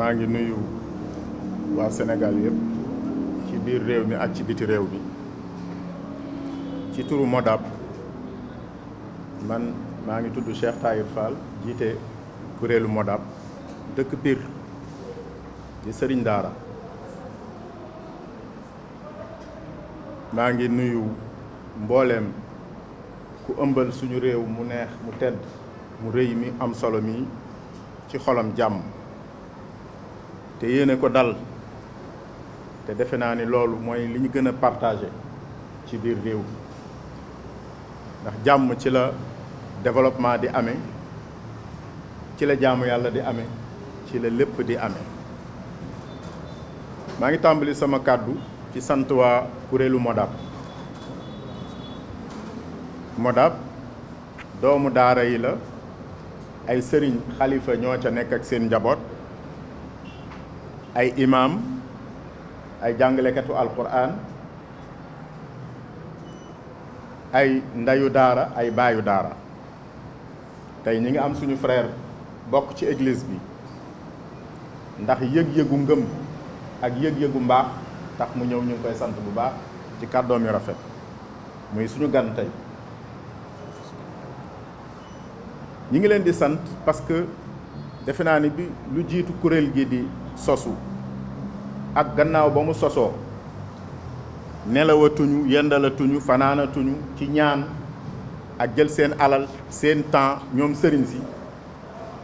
maa ngi nuyu waa senegal yëpp ci biir réew mi ak ci biti réew bi ci turu Modab man maa ngi tudd Cheikh Tahir Fall jiite kuréelu Modab dëkk biir di Sëriñ Daara maa ngi nuyu mbooleem ku ëmbal suñu réew mu neex mu tedd mu rëy mi am solo mi ci xolam jàmm te yéene ko dal te defe naa ni loolu mooy li ñu gën a partagé ci biir réew ndax jàmm ci la développement di amee ci la jaamu yàlla di ame ci la lépp di ame maa ngi tàmbali sama kàddu ci sant waa kuréelu Modab Modab doomu daara yi la ay sëriñ xalifa ñoo ca nekk ak seen njaboot ay imaam ay jàngalekatu alquran ay ndayu daara ay baayu daara tey ñi ngi am suñu frère bokk ci église bi ndax yëg-yëgu ngëm ak yëg-yëgu mbaax tax mu ñëw ñu ngi sant bu baax ci kàddoom yu rafet muy suñu gan tey ñi ngi leen di sant parce que defe naa ni bi lu jiitu kuréel gi di sosu ak gannaaw ba mu sosoo nelawatuñu yendalatuñu fanaanatuñu ci ñaan ak jël seen alal seen temps ñoom sëriñ si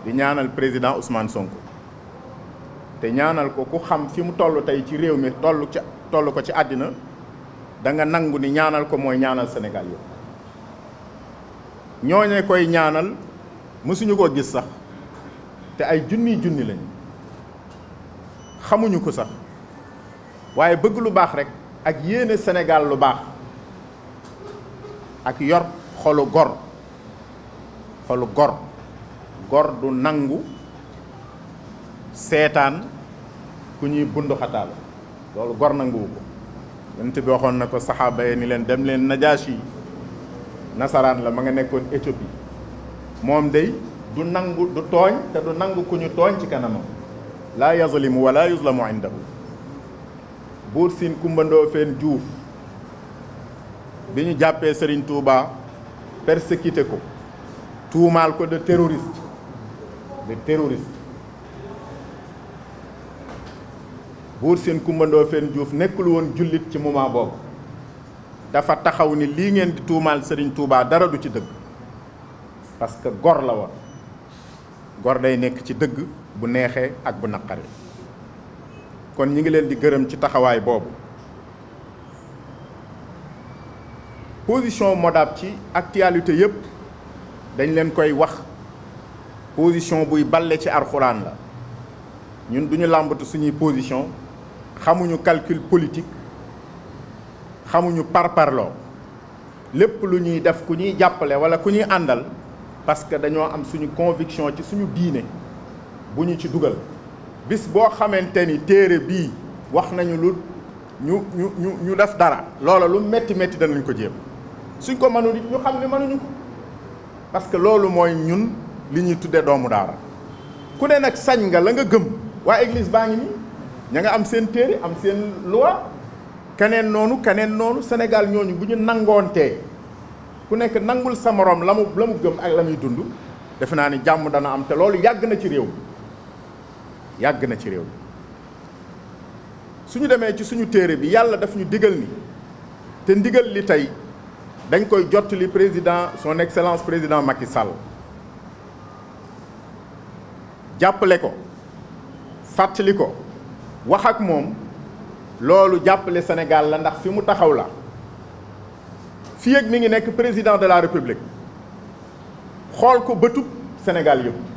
di ñaanal président Ousmane Sonko te ñaanal ko ku xam fi mu toll tey ci réew mi toll ci tollu ko ci àddina danga nangu ni ñaanal ko mooy ñaanal senegal yëpp ñooñe koy ñaanal mësuñu ko gis sax te ay junni junni lañ xamuñu ko sax waaye bëgg lu baax rek ak yéene senegaal lu baax ak yor xolu gor xolu gor gor du nangu seetaan ku ñuy bundu loolu gor nanguwu ko yonent bi waxoon na ko saxaaba yi ni leen dem leen Najaashi yi nasaraan la ma nga nekkoon Éthiopie moom day du nangu du tooñ te du nangu ku ñu tooñ ci kanamam laa yazlimu wala yuzlamu indahu buur siin kumbandoo feen juuf bi ñu jàppee Serigne Touba persécuté ko tuumaal ko de terroriste de terroriste buur siin kumbandoo feen juuf nekkul woon jullit ci moment boobu dafa taxaw ni lii ngeen di tuumaal Serigne Touba dara du ci dëgg parce que gor la woon gor day nekk ci dëgg bu neexee ak bu naqaree kon ñi ngi leen di gërëm ci taxawaay boobu position MODAP ci actualité yépp dañ leen koy wax position buy balle ci alxuraan la ñun duñu làmbatu suñuy position xamuñu calcul politique xamuñu parparloo lépp lu ñuy def ku ñuy jàppale wala ku ñuy àndal parce que dañoo am suñu conviction ci suñu diine bu ñu ci dugal bis boo xamante ni téere bii wax nañu lu ñu ñu ñu def dara loola lu métti métti danañ ko jéem suñ ko mënul ñu xam ne mënuñu ko parce que loolu mooy ñun li ñuy tuddee doomu daara ku ne nag sañ nga la nga gëm waa église baa ngi ña nga am seen téere am seen loi keneen noonu keneen noonu Sénégal ñooñu bu ñu nangoontee ku nekk nangul sa la mu la mu gëm ak la muy dund defe naa ni jàmm dana am te loolu yàgg na ci réew yàgg na ci réew suñu demee ci suñu téere bi yàlla daf ñu digal te ndigal li tey dañ koy jottali président son excellence président Macky Sall jàppale ko fàttali ko waxak moom loolu jàppale Sénégal la ndax fi mu taxaw la fii ak mi ngi nekk président de la république xool ko bëtub Sénégal yëpp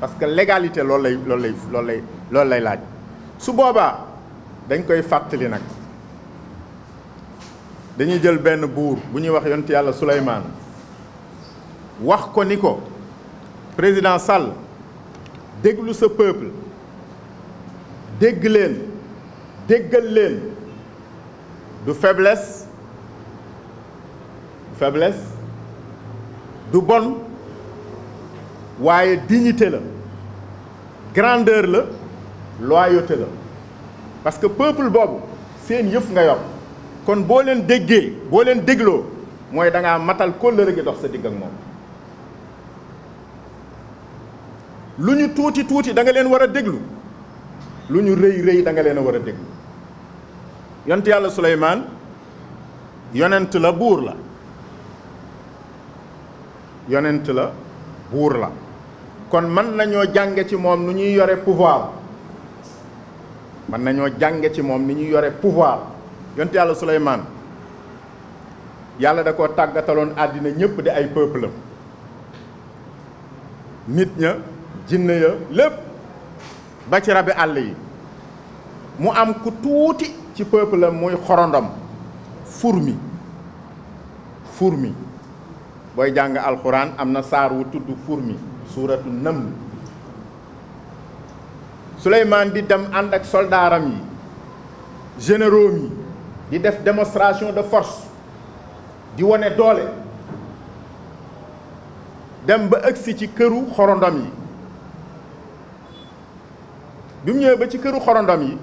parce que légalité loolu lay lool lay loolu lay loolu lay laaj su boobaa dañ koy fàttali nag dañuy jël benn buur bu ñuy wax yonent yàlla Suleymaan wax ko ni ko président Sall déglu sa peuple dégg leen déggal leen du faiblesse faiblesse du bon waaye dignité la grandeur la loyauté la parce que peuple boobu seen yëf nga yor kon boo leen déggee boo leen dégloo mooy danga ngaa matal kóllëre gi dox sa digg ak moom lu ñu tuuti tuuti da nga leen war a déglu lu ñu rëy rëy da leen a war a déglu yonent yàlla Suleymaan yonent la buur la yonent la buur la kon mën nañoo jànge ci moom nu ñuy yore pouvoir mën nañoo jànge ci moom ni ñuy yore pouvoir yonte yàlla Suleymaan yàlla da ko tàggataloon àddina ñëpp di ay peuple nit ña jinne ya lépp ba ci rabi àll yi mu am ku tuuti ci peuple am muy xorondom fourmi fourmi booy jàng alxuraan am na saar wu tudd fourmi suuratu naml Souleymane di dem ànd ak soldaaram yi généraux yi di def démonstration de force di wone doole dem ba ëgsi ci këru xorondom yi bi mu ba ci këru xorondom yi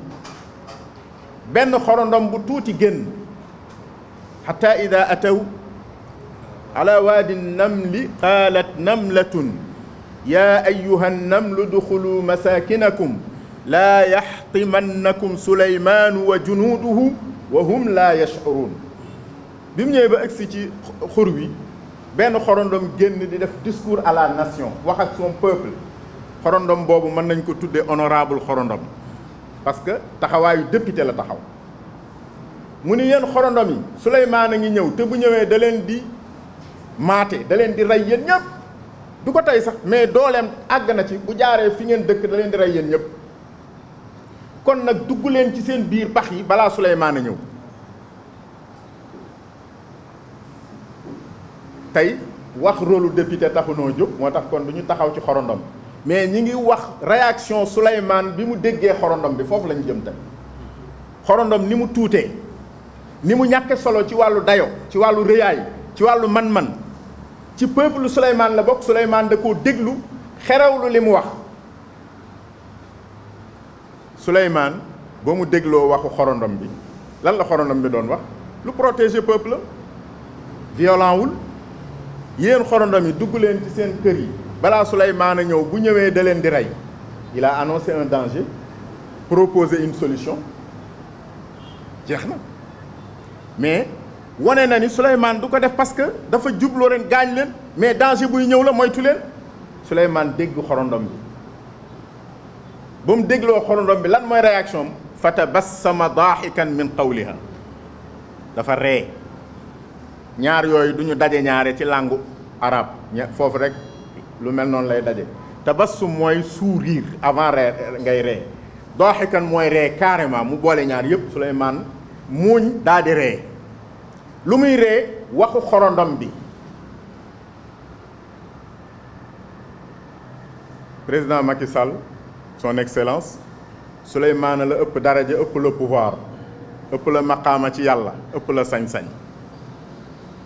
benn xorondom bu tuuti génn xataa ida ataw ala waadi namli qaalat namlatun yaa ayyuha nnamlu duxulu masakinakum laa yaxtimannakum suleymaanu wa junuuduhu wa hum laa yashcuruun bi mu ñëwee ba si ci xur wi benn xorondom génn di def discours à la nation wax ak son xorondom boobu mën nañ ko tuddee honorable xorondom parce que taxawaayu député la taxaw mu ni yéen xorondom yi suleymaan a ngi ñëw te bu ñëwee da leen di maate da leen di rey yéen ñëpp du ko tey sax mais dooleem àgg na ci bu jaaree fi ngeen dëkk daleen leen di rey yéen ñëpp kon nag dugg leen ci seen biir pax yi balaa Souleymane ñëw tey wax rôlu député taxunoo jóg moo tax kon du ñu taxaw ci xorondom mais ñi ngi wax réaction Souleymane bi mu déggee xorondom bi foofu lañu jëm tey xorondom ni mu tuutee ni mu ñàkke solo ci wàllu dayo ci wàllu rëyaay ci wàllu man-man ci peuple Souleymane la bokk Souleymane da koo déglu xerewlu li mu wax Souleymane ba mu dégloo waxu xorondom bi lan la xorondom bi doon wax lu protéger peuple la violent yéen xorondom yi dugg leen ci seen kër yi balaa Souleymane a ñëw bu ñëwee da leen di rey il a annoncé un danger proposé une solution jeex na mais wane na ni Souleymane du ko def parce que dafa jubloo leen gaañ leen mais danger buy ñëw la moytu leen Souleymane dégg xorondom bi ba mu dégloo xorondom bi lan mooy réaction am fa tabassama daaxikan min qawliha dafa ree ñaar yooyu duñu daje ñaare ci làngu arab foofu rek lu mel noonu lay daje tabassum mooy sourire avant ree ngay ree daaxikan mooy ree carrément mu boole ñaar yëpp Souleymane muuñ daal di ree lu muy ree waxu xorondom bi président Macky Sall son excellence Souleymane la ëpp daraja ëpp la pouvoir ëpp la maqaama ci yàlla ëpp la sañ-sañ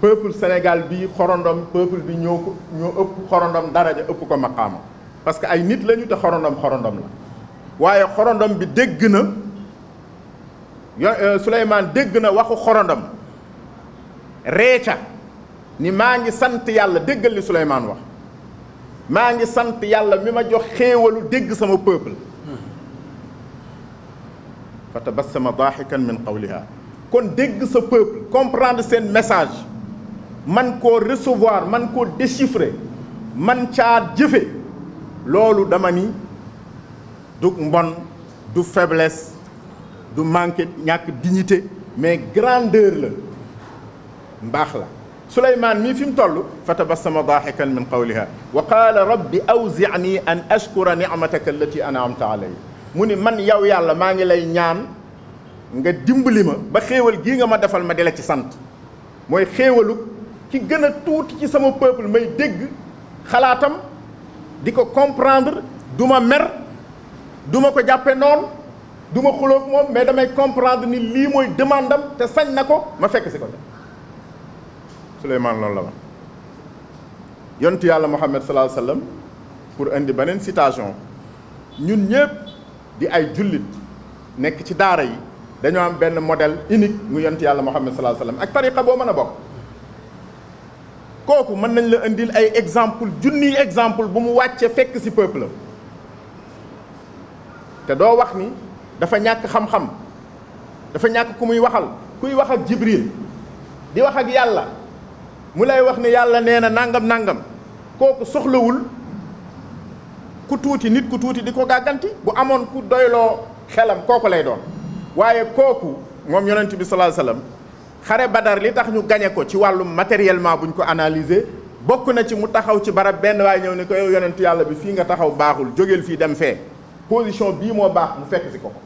peuple Sénégal bi xorondom peuple bi ñoo ko ñoo ëpp xorondom daraja ëpp ko maqaama parce que ay nit lañu te xorondom xorondom la waaye xorondom bi dégg na yo euh, Souleymane dégg na waxu xorondom reeca ni maa ngi sant yàlla déggal li Souleymane wax maa ngi sant yàlla mi ma jox xéewalu dégg sama peuple fa tabassama daaxikan min qawliha kon dégg sa peuple comprendre seen message man koo recevoir man koo déchiffrer man caa jëfe loolu dama ni du mbon du faiblesse du manque ñàkk dignité mais grandeur la mbaax la suleymaan mii fi mu toll fa tabassama daaxikan min qawliha wa qaala rabbi awzicni an ashkura nicmataka allati anamta alay mu ni man yow yàlla maa ngi lay ñaan nga dimbali ma ba xéewal gii nga ma defal ma di la ci sant mooy xéewalu ci gën a tuuti ci sama peuple may dégg xalaatam di ko comprendre duma mer duma ko jàppe noonu duma xuloog moom mais damay comprendre ni lii mooy demandam te sañ na ko ma fekk si ko Souleymane loolu la wax yontu yàlla Muhammad sallallahu alayhi wa pour indi beneen citation ñun ñëpp di ay jullit nekk ci daara yi dañoo am benn modèle unique mu yontu yàlla Muhammad sallallahu alayhi wa sallam ak tariqa boo mën a bokk kooku mën nañ la indil ay exemple junniy exemple bu mu wàccee fekk ci peuple te doo wax ni dafa ñàkk xam-xam dafa ñàkk ku muy waxal kuy wax ak Jibril di wax ak yàlla mu lay wax ne yàlla nee na nangam nangam kooku soxlawul ku tuuti nit ku tuuti di ko gàgganti bu amoon ku doyloo xelam kooku lay doon waaye kooku moom yonent bi sallallahu alayhi wasallam xare badar li tax ñu gañe ko ci wàllu wàllum matériellement buñ ko analyser bokk na ci mu taxaw ci barab benn waaye ñëw ne ko yow yonent yàlla bi fii nga taxaw baaxul jógeel fii dem fee position bii moo baax mu fekk si ko ko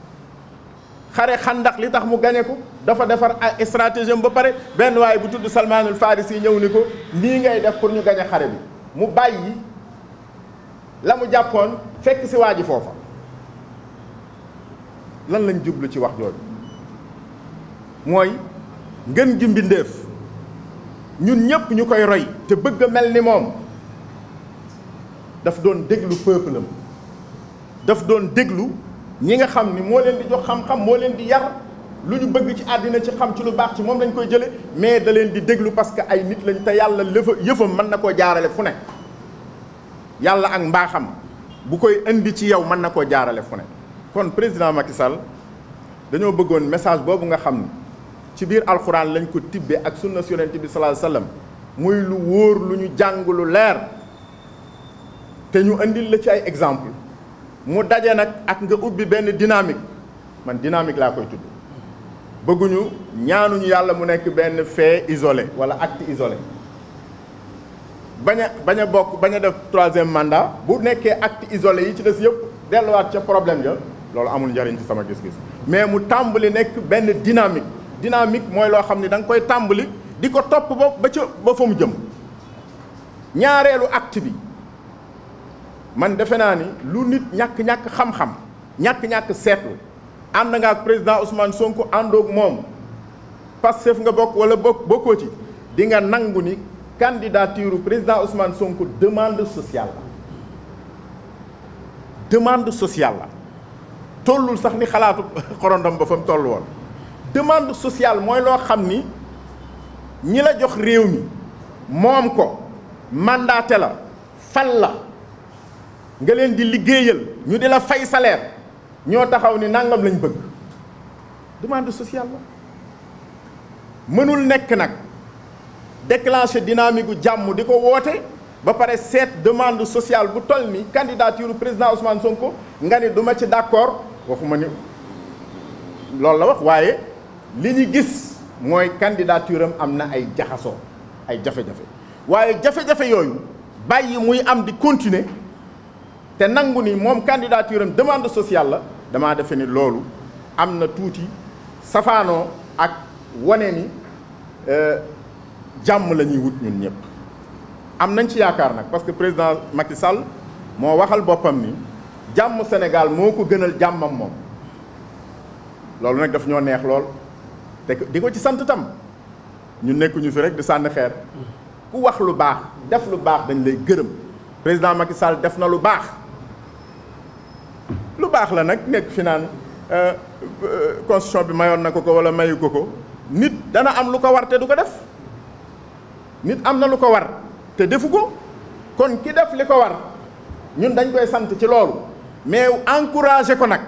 xare xandax li tax mu gañe ko dafa defar ay stratégie ba pare benn waaye bu tudd Salmaanul Farisi ñëw ni ko nii ngay def pour ñu gañe xare bi mu bàyyi la mu jàppoon fekk si waa ji foofa lan lañ jublu ci wax jooju mooy ngën gi mbindéef ñun ñëpp ñu koy roy te bëgg a mel ni moom daf doon déglu peuple daf doon déglu ñi nga xam ni moo leen di jox xam-xam moo leen di yar lu ñu bëgg ci àddina ci xam ci lu baax ci moom lañ koy jële mais da leen di déglu parce que ay nit lañ te yàlla lëfa yëfam mën na koo jaarale fu ne yàlla ak mbaaxam bu koy indi ci yow mën na koo jaarale fu ne kon président Macky dañoo bëggoon message boobu nga xam ni ci biir alxuraan lañ ko tibbe ak sunna si yonent bi sallallahu alayhi muy lu wóor lu ñu jàng lu leer te ñu indil la ci ay exemple mu daje nag ak nga ubbi benn dynamique man dynamique laa koy tudd bëgguñu ñaanuñu yàlla mu nekk benn fait isole wala acte isole bañ a bañ a bokk bañ a def troisième manda bu nekkee acte isolé yi ci des yëpp delluwaat ca problème ya loolu amul njariñ ci sama gis-gis mais mu tàmbali nekk benn dynamique dynamique mooy loo xam ne da nga koy tàmbali di ko topp ba ba ca ba mu jëm ñaareelu acte bi man defe naa ni lu nit ñàkk-ñàkk xam-xam ñàkk-ñàkk seetlu ànd nga ak président Ousmane Sonko àndoog moom Pastef nga bokk wala bokk bokkoo ci di nga nangu ni candidature président Ousmane Sonko demande sociale la demande sociale la tollul sax ni xalaatu xorondom ba fa mu toll mooy loo xam ni ñi la jox réew mi moom ko mandaté la fal la nga leen di liggéeyal ñu di la fay saleer ñoo taxaw ni nangam lañ bëgg demande sociale la mënul nekk nag déclencher dynamique gu jàmm di ko woote ba pare seet demande sociale bu toll ni candidature président Ousmane Sonko nga ni du ma ci d'accord waxuma ni loolu la wax waaye li ñu gis mooy candidature am am na ay jaxasoo ay jafe-jafe waaye jafe-jafe yooyu bàyyi muy am di continuer te nangu ni moom candidature am demande sociale la damaa defe ni loolu am na tuuti safaanoo ak wane ni euh, jàmm la ñuy wut ñun ñëpp. am nañ ci yaakaar nag parce que président Macky Sall moo waxal boppam ni jàmm Sénégal moo ko gënal jàmmam moom loolu nag daf ñoo neex lool te di ko ci sant tam ñu nekkuñu fi rek di sànni xeer mm. ku wax lu baax def lu baax dañ lay gërëm président Macky Sall def na lu baax. lu baax la nag nekk fi naan euh, euh, constitution bi mayoon na ko ko wala mayu ko ko nit dana am lu ko war te du ko def nit am na lu ko war te defu ko kon ki def li ko war ñun dañ koy sant ci loolu mais encouragé ko nag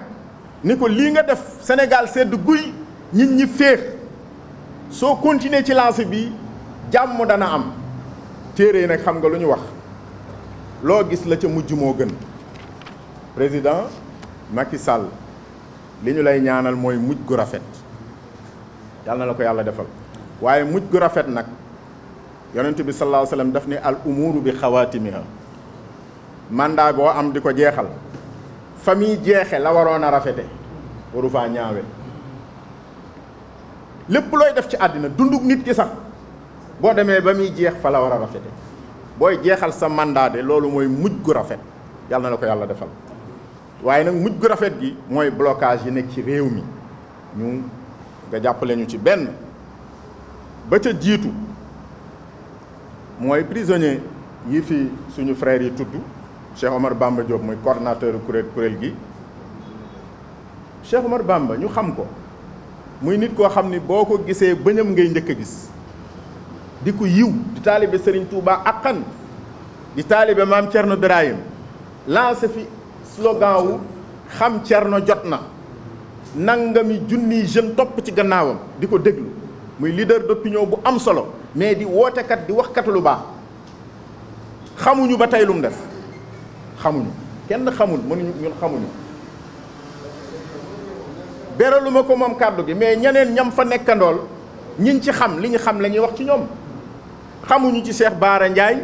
ni ko lii nga def Sénégal sedd guy nit ñi féex soo continuer ci lancé bi jàmm dana am téere yi nag xam nga lu ñu wax loo gis la ca mujj moo gën président Macky Sall li ñu lay ñaanal mooy mujj gu rafet yàlla na la ko yàlla defal waaye mujj gu rafet nag yonent bi sallallahu alayhi wasallam daf ni al umuru bi xawaatimiha mandat boo am di ko jeexal fa muy jeexe la waroon a rafete waru faa ñaawe lépp looy def ci àddina dunduk nit ki sax boo demee ba muy jeex fa la war a rafete booy jeexal sa mandat de loolu mooy mujj gu rafet yàlla na la ko yàlla defal waaye nag mujj gu rafet gi mooy blocage yi nekk ci réew mi ñu nga ci benn ba ca jiitu mooy prisonnier yi fi suñu frères yi tudd Cheikh Omar Bamba Diop muy coordonnateur kuréel kuréel gi Cheikh Omar Bamba ñu xam ko muy nit koo xam ni boo ko gisee bëñam ngay njëkk a gis di ko yiw di taalibe Serigne Touba akkan di taalibe maam Thierno Birahim lancé fi slogan wu xam Thierno jot na nangami junni jeune topp ci gannaawam di ko déglu muy leader d'opinion bu am solo mais di wootekat di waxkat lu baax xamuñu ba tey lu def xamuñu kenn xamul mënuñu ñun xamuñu beraluma ko moom kàddu gi mais ñeneen ñam fa nekkandool ñiñ ci xam li ñu xam lañuy wax ci ñoom xamuñu ci Cheikh Bara Ndiaye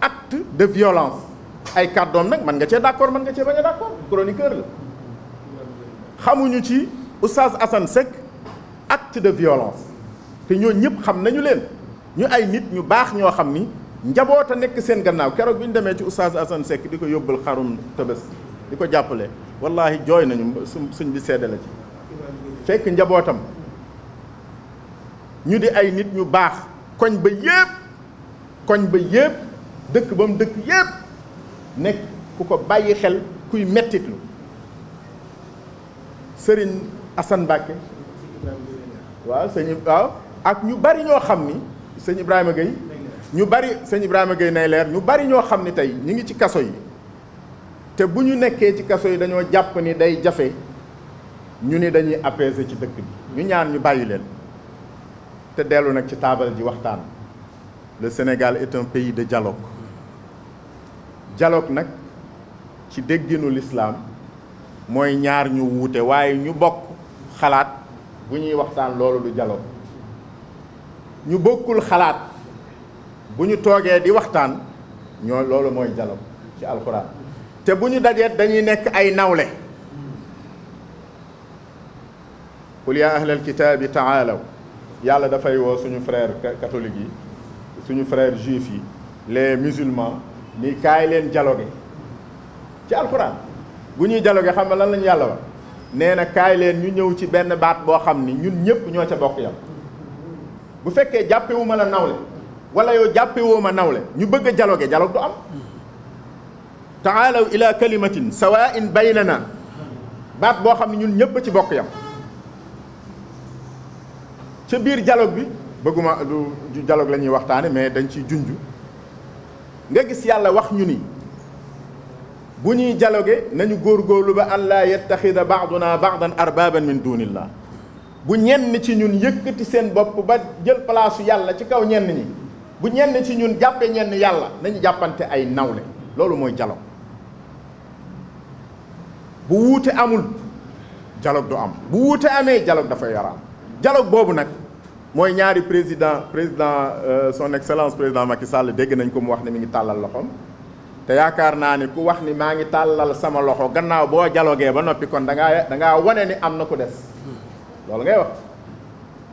acte de violence ay kàddoom nag mën nga cee d'accord mën nga cee bañ a d'accord chroniqueur la xamuñu ci oustaz Assane Seck acte de violence te ñoo ñëpp xam nañu leen ñu ay nit ñu baax ñoo xam ni njaboot a nekk seen gannaaw keroog bi ñu demee ci oustaz Assane Seck di ko yóbbul xarum tëbës di ko jàppale wallahi jooy nañu suñ bi sedda ci fekk njabootam ñu di ay nit ñu baax koñ ba yépp koñ ba yépp dëkk ba mu dëkk yépp nekk ku ko bàyyi xel kuy mettitlu sëriñ Assane Mbacke waaw sëñ waaw ak ñu bari ñoo xam ni sëñ Ibrahima Gueye ñu bari sëñ Ibrahima Gueye nay leer ñu bari ñoo xam ni tey ñu ngi ci kaso yi te bu ñu nekkee ci kaso yi dañoo jàpp ni day jafe ñu ni dañuy apaiser ci dëkk bi ñu ñaan ñu bàyyi leen te dellu nag ci taabal ji waxtaan le Sénégal est un pays de dialogue dialogue nag ci dégginu lislaam mooy ñaar ñu wuute waaye ñu bokk xalaat bu ñuy waxtaan loolu du dialogue ñu bokkul xalaat bu ñu toogee di waxtaan ñoo loolu mooy dialogue ci alxuraan te bu ñu dajeet dañuy nekk ay nawle qul yaa ahlal kitaabi taalaw yàlla dafay woo suñu frère catholique yi suñu frère juif yi les musulmans ni kaay leen dialogue ci alxuraan bu ñuy dialogue xam nga lan lañu yàlla wax nee na kaay leen ñu ñëw ci benn baat boo xam ni ñun ñëpp ñoo ca bokk yam bu fekkee jàppewu ma la nawle wala yow jàppewoo ma nawle ñu bëgg a dialogue dialogue du am taalaw ila bay sawaa'in naan baat boo xam ne ñun ñëpp a ci bokk yam ca biir dialogue bi bëgguma du dialogue la ñuy waxtaane mais dañ ciy junj nga gis yàlla wax ñu ni bu ñuy dialogué nañu góorgóorlu ba an laa yattaxida baaduna baadan arbaban min dunillah bu ñenn ci ñun yëkkati seen bopp ba jël palaasu yàlla ci kaw ñenn ñi bu ñenn ci ñun jàppee ñenn yàlla nañu jàppante ay nawle loolu mooy dialogue bu wuute amul dialogue du am bu wuute amee dialogue dafa yaraan dialogue boobu nag mooy ñaari président président euh, son excellence président Macky Sall dégg nañ ko mu wax ne mi ngi tàllal loxoom te yaakaar naa ni ku wax ni maa ngi tàllal sama loxo gannaaw boo dialogué ba noppi kon da ngaa da ngaa ni am na ku des loolu ngay wax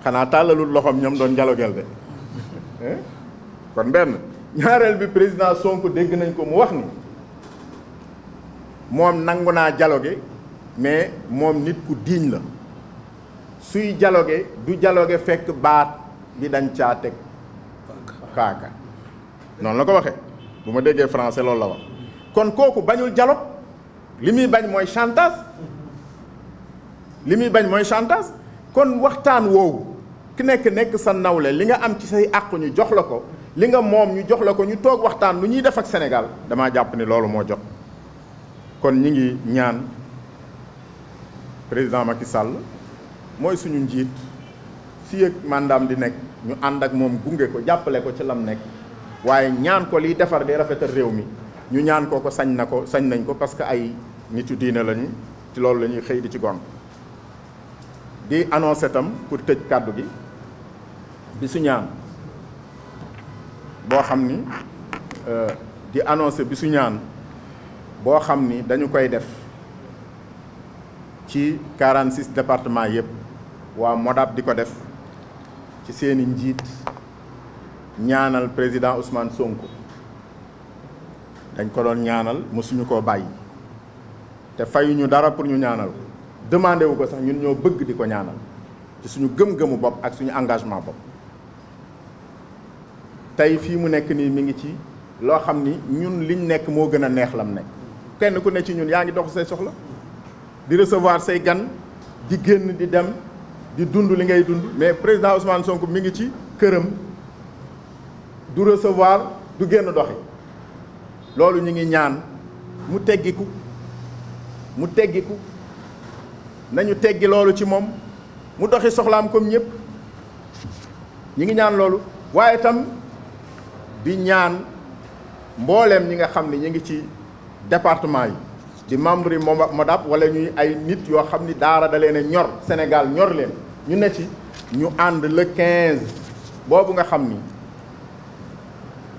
xanaa tàllalul loxoom ñoom doon dialoguel de kon benn ñaareel bi président Sonko dégg nañ ko mu wax ni moom nangu naa jalo dialogué mais moom nit ku diiñ la suy dialogué du dialogué fekk baat bi dañ caa teg kaaka noonu la ko waxe bu ma déggee français loolu la wax kon kooku bañul dialogue li muy bañ mooy chantage li muy bañ mooy chantage kon waxtaan woowu ki nekk nekk sa nawle li nga am ci say àqu ñu jox la ko li nga moom ñu jox la ko ñu toog waxtaan lu ñuy def ak Sénégal dama jàpp ni loolu moo jot kon ñi ngi ñaan président Macky sàll mooy suñu njiit fii ak di nekk ñu ànd ak moom gunge ko jàppale ko ci lam nekk waaye ñaan ko liy defar di rafetal réew mi ñu ñaan ko ko sañ na ko sañ nañ ko parce que ay nit yu diine lañu ci loolu la ñuy xëy di ci gont di annoncé tam pour tëj kàddu gi bi su ñaan boo xam ni euh, di annoncé bi su ñaan boo xam ni dañu koy def ci 46 départements yëpp waa MODAP di ko def ci seeni njiit ñaanal président Ousmane sonk dañ ko doon ñaanal mosuñu koo bàyyi te fayuñu dara pour ñu ñaanal ko wu ko sax ñun ñoo bëgg di ko ñaanal ci suñu gëm-gëmu bopp ak suñu engagement bopp tey fii mu nekk nii mi ngi ci loo xam ni ñun liñ nekk moo gën a neex lam nekk kenn ku ne ci ñun yaa ngi dox say soxla di resevoir say gan di génn di dem di dund li ngay dund mais président Ousmane Sonko mi ngi ci këram du recevoir du génn doxi loolu ñu ngi ñaan mu teggiku mu teggiku nañu teggi loolu ci moom mu doxi soxlaam comme ñëpp ñi ngi ñaan loolu waaye tam di ñaan mbooleem ñi nga xam ne ñu ngi ci département yi di membre yi MODAP wala ñuy ay nit yoo xam ni daara da leen ñor Sénégal ñor leen ñu ne ci ñu ànd le 15 boobu nga xam ni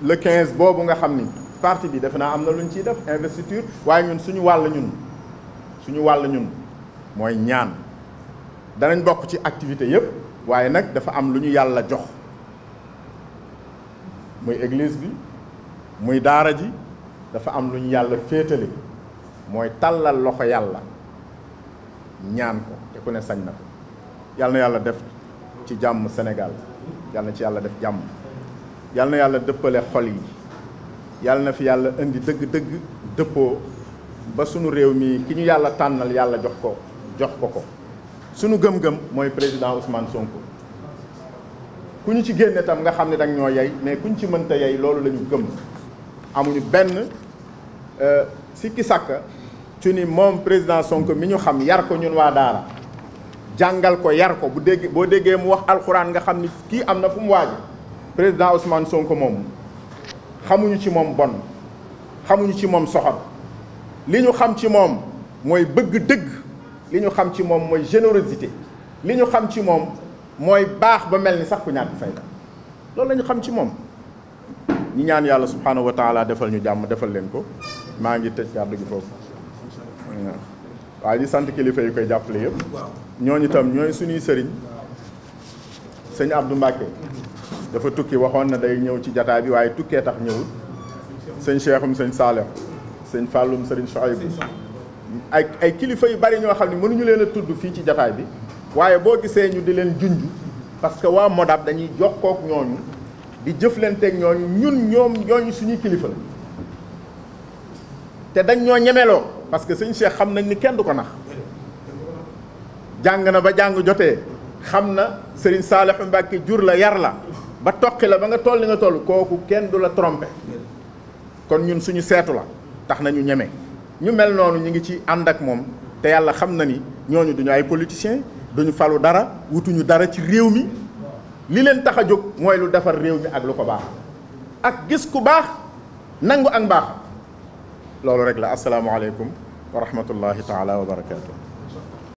le quinze boobu nga xam ni parti bi defe naa am na lu ñu ciy def investiture waaye ñun suñu wàll ñun suñu wàll ñun mooy ñaan danañ bokk ci activité yépp waaye nag dafa am lu ñu yàlla jox muy église bi muy daara ji dafa am lu ñu yàlla féetale mooy tàllal loxo yàlla ñaan ko te ku ne sañ na ko yàlla na yàlla def ci jàmm Sénégal yàlla na ci yàlla def jàmm yàlla na yàlla dëppale xol yi yàlla na fi yàlla indi dëgg-dëgg dëppoo ba suñu réew mi ki ñu yàlla tànnal yàlla jox ko jox ko ko sunu gëm-gëm mooy président Ousmane Sonko ku ñu ci génne tam nga xam ne danga ñoo yey mais ku ñu ci mënta yey loolu lañu gëm amuñu benn euh, sikki sàkka ci ni moom président Sonko mi ñu xam yar ko ñun waa Daara. jàngal ko yar ko bu dégg boo déggee mu wax alxuraan nga xam ni kii am na fu mu waaju président Ousmane Sonko moom xamuñu ci moom bon xamuñu ci moom soxor li ñu xam ci moom mooy bëgg dëgg li ñu xam ci moom mooy générosité li ñu xam ci moom mooy baax ba mel ni sax ku ñàkk fayda loolu la ñu xam ci moom ñi ñaan yàlla subhaanahu wa taala defal ñu jàmm defal leen ko maa ngi tëj kàddu gi foofu waaw di sant kilifa yi koy jàppale yëpp. ñooñu itam ñooy suñuy sëriñ sëñ Abdou Mbacke dafa tukki waxoon na day ñëw ci jataay bi waaye tukkee tax ñëwul sëñ Cheikhum sëñ Saleh sëñ Falloum sëriñ Chouaïbou ay ay kilifa yu bari ñoo xam ne mënuñu leen a tudd fii ci jataay bi waaye boo gisee ñu di leen junj parce que waa Modab dañuy jokkook ñooñu di jëflanteeg ñooñu ñun ñoom ñooñu suñuy kilifa la te dañ ñoo ñemeloo. parce que sëñ Cheikh xam nañ ni kenn du ko nax jàng na ba jàng jotee xam na sëriñ Saalixu Mbàkke jur la yar la ba toqi la ba nga toll ni nga toll kooku kenn du la trompé kon ñun suñu seetu la tax nañu ñeme ñu mel noonu ñu ngi ci ànd ak moom te yàlla xam na ni ñooñu duñu ay politiciens duñu falu dara wutuñu dara ci réew mi li leen tax a jóg mooy lu defar réew mi ak lu ko baax ak gis ku baax nangu ak mbaax loolu rek la asalaamaaleykum wa rahmatullahi taala wa barakaatu.